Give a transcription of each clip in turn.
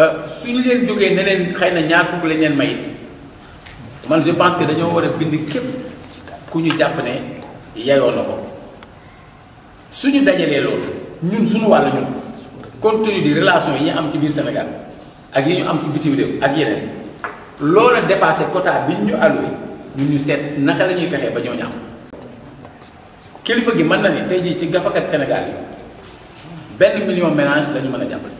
Euh, suñu leen jógee ne leen xëy na ñaar fukk lañ leen may man je pense que dañoo war a bind képp ku ñu jàpp ne yayoo na ko suñu dajalee loolu ñun suñu wàll ñun compte di relation yi ñu am ci biir Sénégal ak yi ñu am ci bitim réew ak yeneen loola dépasé quota bi ñu alloué ñun ñu seet naka la ñuy fexee ba ñooñu am kilifa gi mën na ni tey jii ci gafakat Sénégal yi benn million ménage la ñu mën a jàppale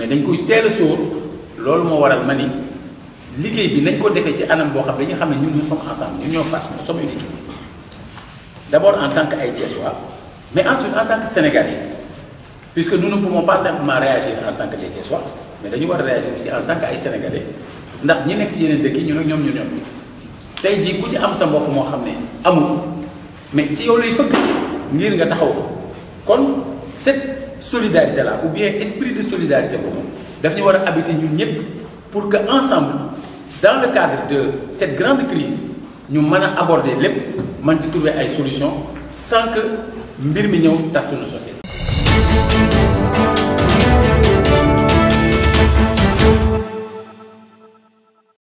mais dañ koy teel a sóor loolu moo waral ma ni liggéey bi nañ ko defee ci anam boo xam dañu xam ne ñun ñu sommes ensemble ñun ñoo fat nous sommes d'abord en tant que ay mais ensuite en tant que Sénégalais puisque nous ne pouvons pas simplement réagir en tant que les Thiessois mais dañu war a réagir aussi en tant que ay Sénégalais ndax ñi nekk ci yeneen dëkk yi ñun ak ñoom ñu ñoom tey jii ku ci am sa mbokk moo xam ne amul mais ci yow lay fëkk ngir nga taxaw kon cette solidarité là ou bien esprit de solidarité pour nous habiter pour que ensemble dans le cadre de cette grande crise nous abordions aborder les trouver une solutions sans que nous millions pas société.